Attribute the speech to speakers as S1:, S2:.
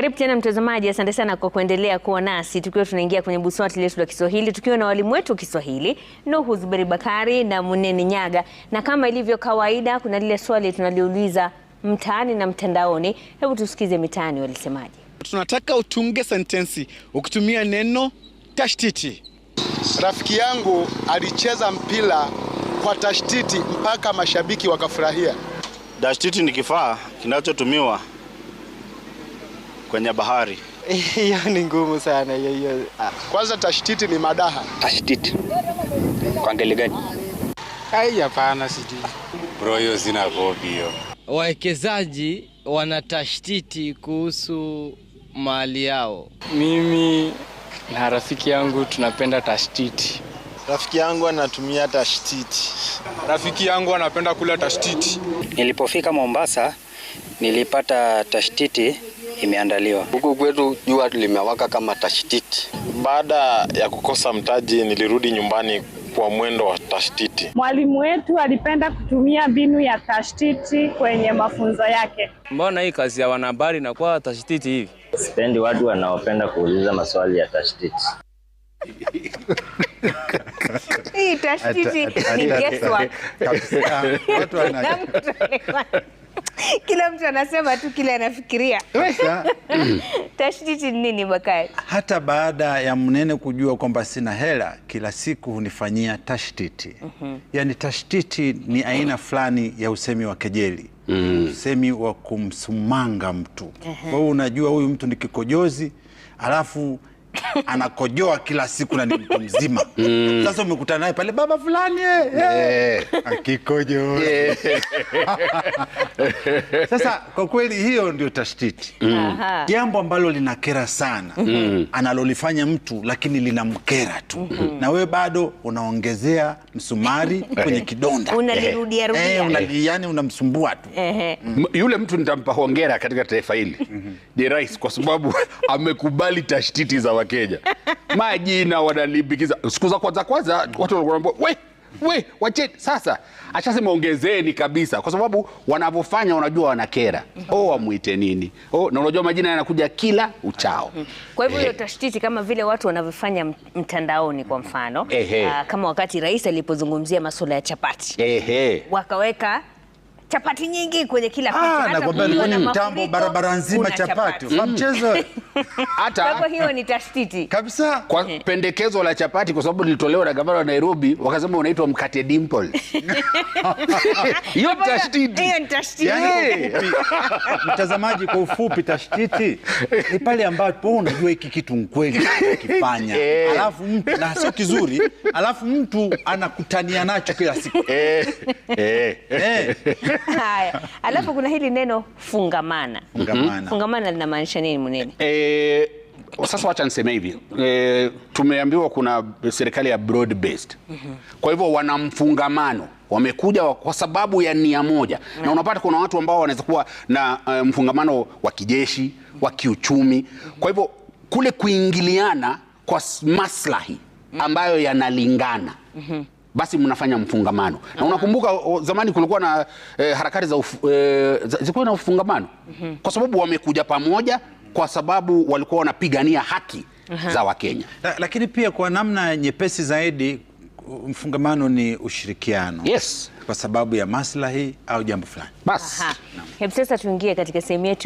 S1: Karibu tena mtazamaji, asante sana kwa kuendelea kuwa nasi tukiwa tunaingia kwenye buswati letu la Kiswahili tukiwa na walimu wetu wa Kiswahili Nuhu Zuberi Bakari na Munene Nyaga, na kama ilivyo kawaida, kuna lile swali tunaliuliza mtaani na mtandaoni. Hebu tusikize mitaani walisemaje.
S2: Tunataka utunge sentensi ukitumia neno tashtiti.
S3: Rafiki yangu alicheza mpira kwa tashtiti mpaka mashabiki wakafurahia.
S4: Tashtiti ni kifaa kinachotumiwa kwenye bahari.
S5: Hiyo ni ngumu sana hiyo hiyo. Ah.
S2: Kwanza tashtiti ni madaha.
S6: Tashtiti kwa ngeli gani?
S5: Ai, hapana, sijui
S7: bro, hiyo zina kopi hiyo.
S8: Wawekezaji wanatashtiti kuhusu mali yao.
S9: Mimi na rafiki yangu tunapenda tashtiti.
S10: Rafiki yangu anatumia tashtiti.
S11: Rafiki yangu anapenda kula tashtiti.
S12: Nilipofika Mombasa nilipata tashtiti imeandaliwa.
S13: Huku kwetu jua limewaka kama tashtiti.
S14: Baada ya kukosa mtaji, nilirudi nyumbani kwa mwendo wa tashtiti.
S15: Mwalimu wetu alipenda kutumia mbinu ya tashtiti kwenye mafunzo yake.
S16: Mbona hii kazi ya wanahabari inakuwa tashtiti hivi?
S17: Sipendi watu wanaopenda kuuliza maswali ya tashtiti.
S1: Hii tashtiti ni guesswork. Kila mtu anasema tu kile anafikiria. Tashtiti nini Bakari?
S18: Hata baada ya Mnene kujua kwamba sina hela, kila siku hunifanyia tashtiti. mm -hmm. Yaani tashtiti ni aina fulani ya usemi wa kejeli. mm -hmm. Usemi wa kumsumanga mtu. Kwa hiyo unajua huyu mtu ni kikojozi, alafu anakojoa kila siku na ni mtu mzima mm. Sasa umekutana naye pale baba fulani eh, eh. yeah. akikojoa yeah. Sasa kwa kweli hiyo ndio tashtiti mm. jambo mm. ambalo linakera sana mm. analolifanya mtu lakini linamkera tu mm -hmm. na wewe bado unaongezea msumari kwenye kidonda
S1: unalirudia eh, rudia
S18: eh, unali, yani unamsumbua tu
S19: mm. Yule mtu nitampa hongera katika taifa hili ni mm-hmm. rais kwa sababu amekubali tashtiti za wake Kenya, majina wanalimbikiza. Siku za kwanza kwanza watu wanakuambia we we wache Sasa ashasema ongezeni kabisa, kwa sababu wanavyofanya wanajua wanakera. Mhm. Oh, wamwite nini? Oh, na unajua majina yanakuja kila uchao.
S1: Kwa hivyo hiyo eh. tashtiti kama vile watu wanavyofanya mtandaoni, kwa mfano Ehe. Ah, kama wakati rais alipozungumzia masuala ya chapati Ehe. wakaweka chapati nyingi kwenye kila kitu, Ah,
S18: hata mtambo barabara nzima chapati, chapati. mchezo
S1: hata hiyo ni tashtiti
S19: kabisa kwa eh. pendekezo la chapati, kwa sababu lilitolewa na gavana wa Nairobi, wakasema unaitwa mkate dimple. Hiyo tashtiti,
S1: hiyo ni tashtiti. Yaani, yaani, eh.
S18: Mtazamaji, kwa ufupi, tashtiti ni pale ambapo unajua hiki kitu mkweli kifanya, eh. alafu mtu na sio kizuri, alafu mtu anakutania nacho kila siku.
S1: Haya, alafu kuna hili neno fungamana. Fungamana, fungamana linamaanisha nini mwenyewe? Eh,
S20: sasa wacha niseme hivi e, tumeambiwa kuna serikali ya broad based. Mm -hmm. Kwa hivyo wana mfungamano wamekuja kwa sababu ya nia moja mm -hmm. Na unapata kuna watu ambao wanaweza kuwa na uh, mfungamano wa kijeshi wa kiuchumi mm -hmm. Kwa hivyo kule kuingiliana kwa maslahi mm. ambayo yanalingana mm -hmm. Basi mnafanya mfungamano Na unakumbuka zamani kulikuwa na e, harakati za uf, eh, zikuwa na ufungamano mm -hmm. Kwa sababu wamekuja pamoja kwa sababu walikuwa wanapigania haki uh-huh. za Wakenya
S18: la, lakini pia kwa namna nyepesi zaidi mfungamano ni ushirikiano yes. Kwa sababu ya maslahi au jambo fulani
S20: basi. Hebu sasa tuingie katika sehemu yetu